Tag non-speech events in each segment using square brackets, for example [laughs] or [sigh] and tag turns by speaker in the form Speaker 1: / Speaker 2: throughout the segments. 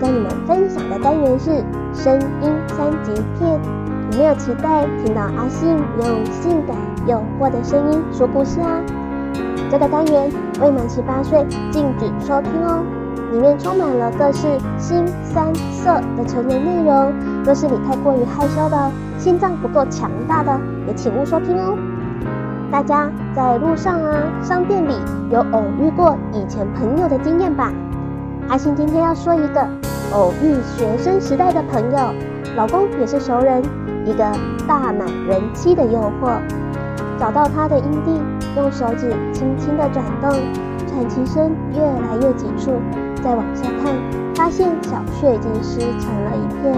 Speaker 1: 跟你們分享的單元是聲音三級片，有沒有期待聽到阿信用性感誘惑的聲音說故事啊？這個單元未滿十八歲禁止收聽哦，裡面充滿了各式腥羶色的成人內容，若是你太過於害羞的，心臟不夠強大的，也請勿收聽哦。大家在路上啊，商店裡有偶遇過以前朋友的經驗吧？阿信今天要說一個。偶遇學生時代的朋友，老公也是熟人，一個大奶人妻的誘惑。找到她的陰蒂，用手指輕輕地轉動，喘氣聲越來越急促。再往下探，發現小穴已經濕成了一片。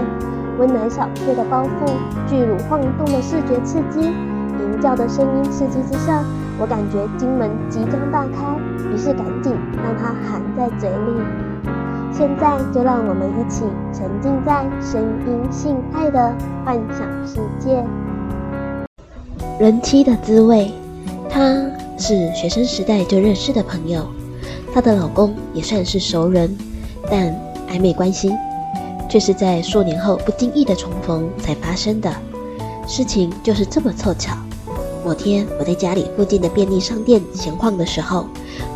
Speaker 1: 溫暖小穴的包覆，巨乳晃動的視覺刺激，淫叫的聲音刺激之下，我感覺精門即將大開，於是趕緊讓她含在嘴裡。現在就讓我們一起沉浸在聲音性愛的幻想世界。人妻的滋味，她是學生時代就認識的朋友，她的老公也算是熟人，但曖昧關係卻是在數年後不經意的重逢才發生的。事情就是這麼湊巧。某天，我在家裡附近的便利商店閒逛的時候，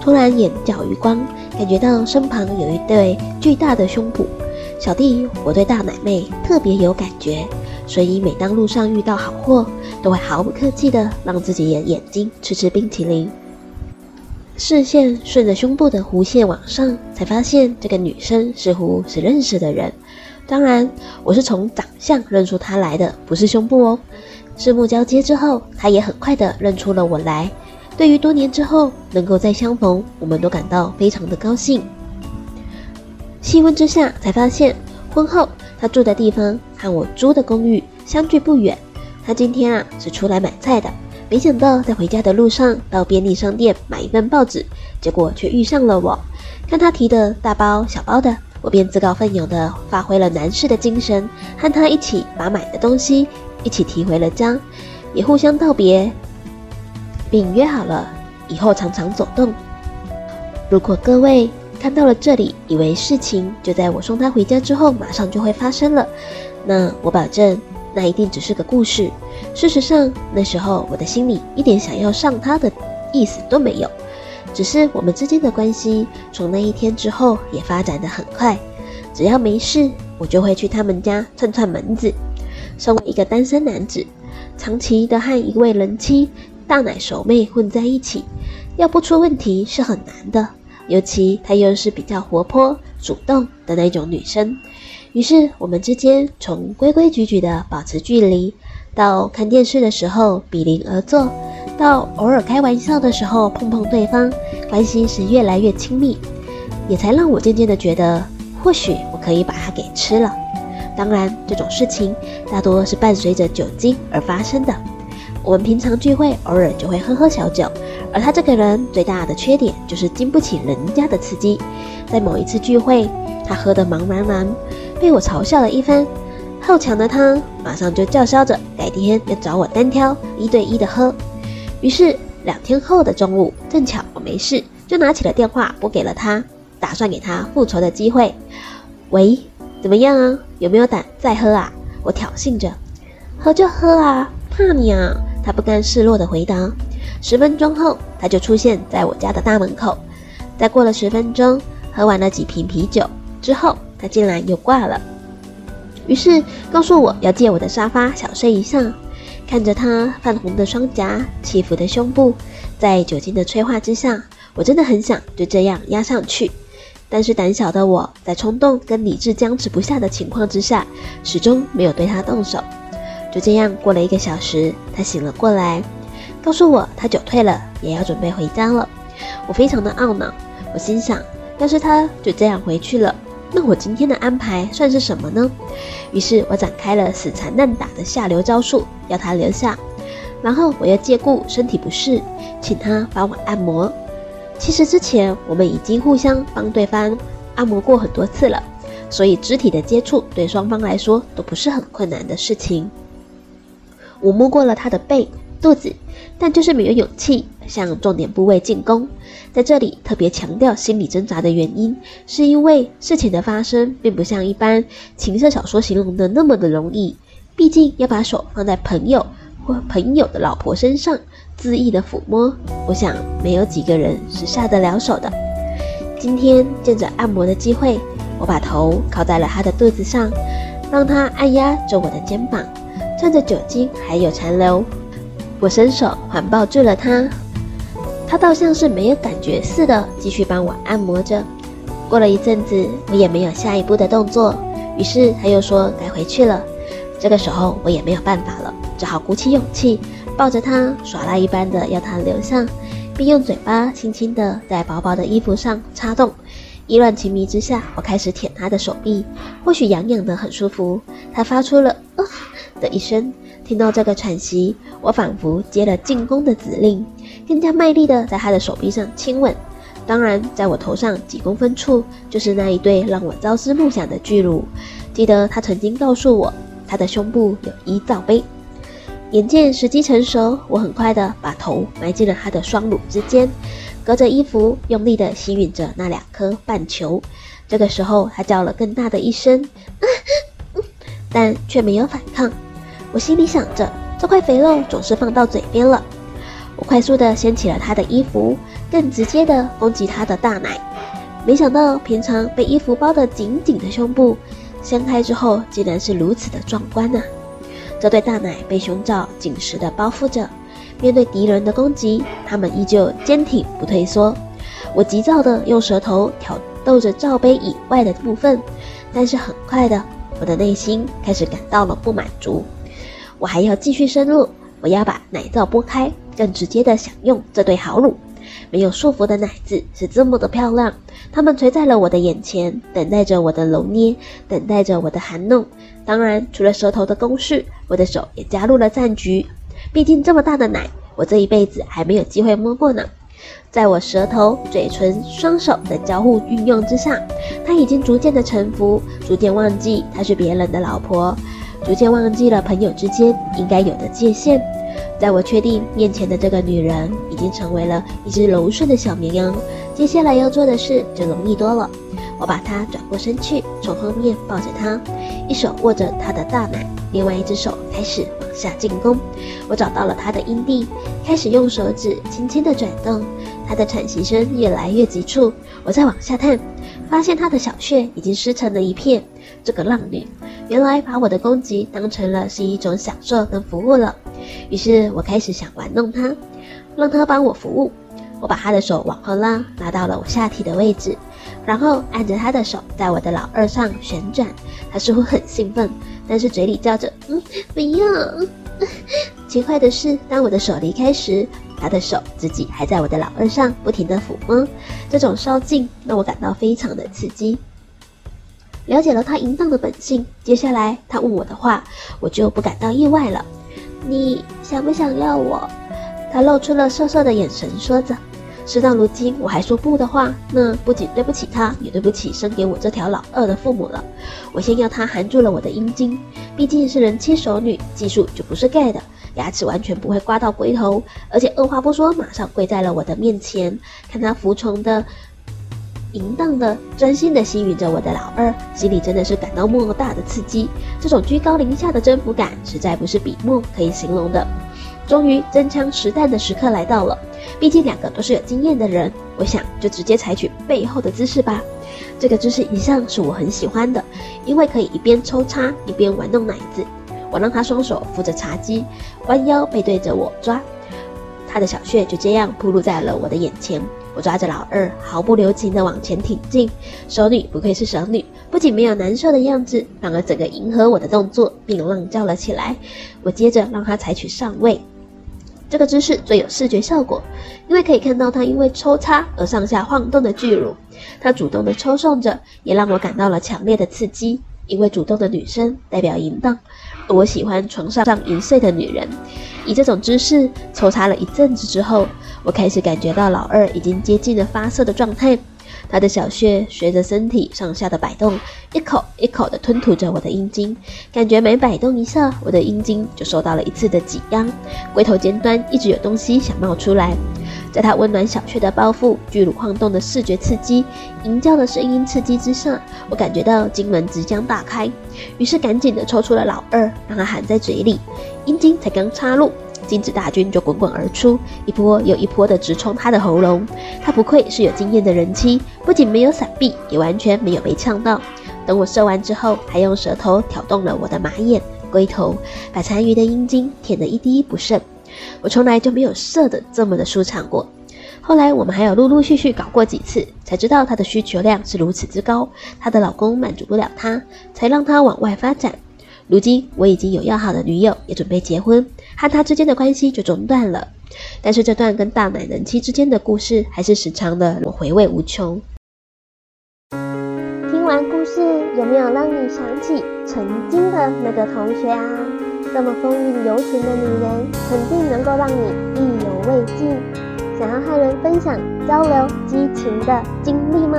Speaker 1: 突然眼角餘光感覺到身旁有一對巨大的胸脯。小弟，我對大奶妹特別有感覺，所以每當路上遇到好貨，都會毫不客氣地讓自己的眼睛吃吃冰淇淋。視線順着胸部的弧線往上，才發現這個女生似乎是認識的人。當然，我是從長相認出她來的，不是胸部哦。四目交接之後，他也很快的認出了我來。對於多年之後能夠再相逢，我們都感到非常的高興。細問之下，才發現婚後他住的地方和我租的公寓相距不遠。他今天啊是出來買菜的，沒想到在回家的路上到便利商店買一份報紙，結果卻遇上了我。看他提的大包小包的，我便自告奮勇的發揮了男士的精神，和他一起把買的東西。一起提回了家，也互相道別，並約好了以後常常走動。如果各位看到了這裡，以為事情就在我送他回家之後馬上就會發生了，那我保證，那一定只是個故事。事實上，那時候我的心裡一點想要上他的意思都沒有，只是我們之間的關係從那一天之後也發展得很快。只要沒事，我就會去他們家串串門子。身為一個單身男子，長期的和一位人妻、大奶熟妹混在一起，要不出問題是很難的。尤其她又是比較活潑、主動的那種女生，於是我們之間從規規矩矩的保持距離，到看電視的時候比鄰而坐，到偶爾開玩笑的時候碰碰對方，關係是越來越親密，也才讓我漸漸的覺得，或許我可以把她給吃了。當然，這種事情大多是伴隨着酒精而發生的。我們平常聚會，偶爾就會喝喝小酒。而他這個人最大的缺點就是經不起人家的刺激。在某一次聚會，他喝得茫然然，被我嘲笑了一番。好強的他，馬上就叫囂着改天要找我單挑，一對一的喝。於是兩天後的中午，正巧我沒事，就拿起了電話撥給了他，打算給他復仇的機會。喂，怎麼樣啊？有沒有膽再喝啊？我挑釁着。喝就喝啊，怕你啊？他不甘示弱地回答。十分鐘後，他就出現在我家的大門口。再過了十分鐘，喝完了幾瓶啤酒之後，他竟然又掛了。於是告訴我要借我的沙發小睡一下。看着他泛紅的雙頰、起伏的胸部，在酒精的催化之下，我真的很想就這樣壓上去。但是膽小的我在衝動跟理智僵持不下的情況之下，始終沒有對他動手。就這樣過了一個小時，他醒了過來，告訴我他酒退了，也要準備回家了。我非常的懊惱，我心想，要是他就這樣回去了，那我今天的安排算是什麼呢？於是我展開了死纏爛打的下流招數，要他留下。然後我又借故身體不適，請他幫我按摩。其實之前我們已經互相幫對方按摩過很多次了，所以肢體的接觸對雙方來說都不是很困難的事情。我摸過了他的背、肚子，但就是沒有勇氣向重點部位進攻。在這裡特別強調心理掙扎的原因，是因為事情的發生並不像一般情色小說形容的那麼的容易，畢竟要把手放在朋友或朋友的老婆身上。恣意的撫摸，我想沒有幾個人是下得了手的。今天借着按摩的機會，我把頭靠在了他的肚子上，讓他按壓着我的肩膀。趁着酒精還有殘留，我伸手環抱住了他。他倒像是沒有感覺似的，繼續幫我按摩着。過了一陣子，我也沒有下一步的動作，於是他又說該回去了。這個時候我也沒有辦法了，只好鼓起勇氣。抱着她耍賴一般的要她留下，並用嘴巴輕輕的在薄薄的衣服上插動。意亂情迷之下，我開始舔她的手臂，或許癢癢的很舒服。她發出了“呃”的一聲，聽到這個喘息，我仿佛接了進攻的指令，更加賣力的在她的手臂上親吻。當然，在我頭上幾公分處，就是那一對讓我朝思暮想的巨乳。記得她曾經告訴我，她的胸部有一罩杯。眼見時機成熟，我很快的把頭埋進了她的雙乳之間，隔着衣服用力的吸吮着那兩顆半球。這個時候，她叫了更大的一聲，但卻沒有反抗。我心裡想着，這塊肥肉總是放到嘴邊了。我快速的掀起了她的衣服，更直接的攻擊她的大奶。沒想到，平常被衣服包得緊緊的胸部，掀開之後竟然是如此的壯觀啊！這對大奶被胸罩緊實的包覆着，面對敵人的攻擊，他們依舊堅挺不退縮。我急躁地用舌頭挑逗着罩杯以外的部分，但是很快的，我的內心開始感到了不滿足。我還要繼續深入，我要把奶罩撥開，更直接地享用這對好乳。沒有束縛的奶子是這麼的漂亮，它們垂在了我的眼前，等待着我的揉捏，等待着我的含弄。當然，除了舌頭的攻勢，我的手也加入了戰局。畢竟這麼大的奶，我這一輩子還沒有機會摸過呢。在我舌頭、嘴唇、雙手的交互運用之下，她已經逐漸的臣服，逐漸忘記她是別人的老婆，逐漸忘記了朋友之間應該有的界限。在我確定面前的這個女人已經成為了一隻柔順的小綿羊，接下來要做的事就容易多了。我把她轉過身去，從後面抱着她，一手握着她的大奶，另外一隻手開始往下進攻。我找到了她的陰蒂，開始用手指輕輕地轉動。她的喘息聲越來越急促，我再往下探，發現她的小穴已經濕成了一片。這個浪女，原來把我的攻擊當成了是一種享受跟服務了。於是我開始想玩弄她，讓她幫我服務。我把她的手往後拉，拉到了我下體的位置，然後按着她的手在我的老二上旋轉。她似乎很興奮，但是嘴裡叫着“嗯，不要。” [laughs] 奇怪的是，當我的手離開時，她的手自己還在我的老二上不停地撫摸。這種騷勁讓我感到非常的刺激。了解了他淫蕩的本性，接下來他問我的話，我就不感到意外了。你想不想要我？他露出了色色的眼神，說着。事到如今，我還說不的話，那不僅對不起他，也對不起生給我這條老二的父母了。我先要他含住了我的陰莖，畢竟是人妻熟女，技術就不是蓋的，牙齒完全不會刮到龜頭，而且二話不說，馬上跪在了我的面前，看他服從的淫蕩的、專心的吸引着我的老二，心裡真的是感到莫大的刺激。這種居高臨下的征服感，實在不是筆墨可以形容的。終於，真槍實彈的時刻來到了。畢竟兩個都是有經驗的人，我想就直接採取背後的姿勢吧。這個姿勢一向是我很喜歡的，因為可以一邊抽插一邊玩弄奶子。我讓他雙手扶着茶幾，彎腰背對着我抓，他的小穴就這樣暴露在了我的眼前。我抓着老二，毫不留情地往前挺進。蛇女不愧是蛇女，不僅沒有難受的樣子，反而整個迎合我的動作，並浪叫了起來。我接着讓她採取上位，這個姿勢最有視覺效果，因為可以看到她因為抽插而上下晃動的巨乳。她主動地抽送着，也讓我感到了強烈的刺激。一位主動的女生代表淫蕩，而我喜歡床上上淫睡的女人。以這種姿勢抽插了一陣子之後，我開始感覺到老二已經接近了發射的狀態。他的小穴隨着身體上下的擺動，一口一口的吞吐着我的陰莖，感覺每擺動一下，我的陰莖就受到了一次的擠壓。龜頭尖端一直有東西想冒出來，在他溫暖小穴的包覆、巨乳晃動的視覺刺激、淫叫的聲音刺激之下，我感覺到精門即將大開，於是趕緊的抽出了老二，讓他含在嘴裡，陰莖才剛插入。精子大軍就滾滾而出，一波又一波的直衝他的喉嚨。他不愧是有經驗的人妻，不僅沒有閃避，也完全沒有被嗆到。等我射完之後，還用舌頭挑動了我的馬眼、龜頭，把殘餘的陰莖舔，舔得一滴不剩。我從來就沒有射得這麼的舒暢過。後來我們還有陸陸續續搞過幾次，才知道她的需求量是如此之高，她的老公滿足不了她，才讓她往外發展。如今我已經有要好的女友，也準備結婚，和她之間的關係就中斷了。但是這段跟大奶人妻之間的故事還是時常的，回味無窮。聽完故事，有沒有讓你想起曾經的那個同學啊？這麼風韻猶存的女人，肯定能夠讓你意猶未盡。想要和人分享交流激情的經歷嗎？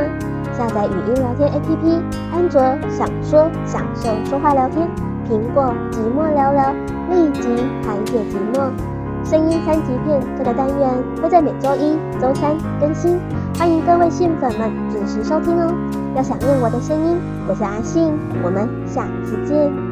Speaker 1: 下載語音聊天 APP，安卓想說享受說話聊天。蘋果寂寞聊聊，立即排解寂寞。聲音三級片這個單元會在每週一、週三更新，歡迎各位信粉們準時收聽哦。要想念我的聲音，我是阿信，我們下次見。